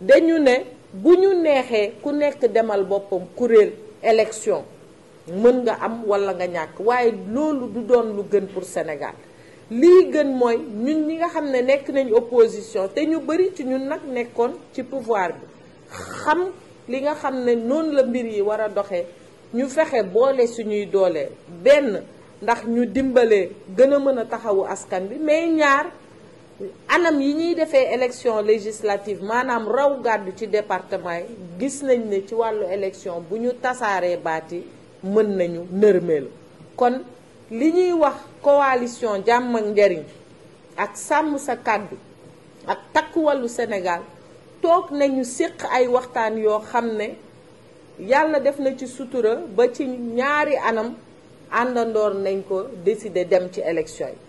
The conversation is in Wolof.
dañu ne bu ñu neexee ku nekk demal boppam kuréel élection mën nga am walla nga ñàkk waaye loolu du doon lu gën pour Sénégal lii gën mooy ñun ñi nga xam ne nekk nañ opposition te ñu bari ci ñun nag nekkoon ci pouvoir bi xam li nga xam ne noonu la mbir yi war a doxee ñu fexe boole suñuy doolee benn ndax ñu dimbalee gën a mën a taxawu askan bi mais ñaar anam yi ñuy defee élection législative maanaam raw gàddu ci département yi gis nañ ne ci wàllu élection bu ñu tasaaree baati mën nañu nërmeelu kon li ñuy wax coalition jàmm ak njariñ ak sàmm sa kàddu ak takk wàllu senegal toog nañu siq ay waxtaan yoo xam ne yàlla def na ci sutura ba ci ñaari anam àndandoor nañ ko décider dem ci élection yi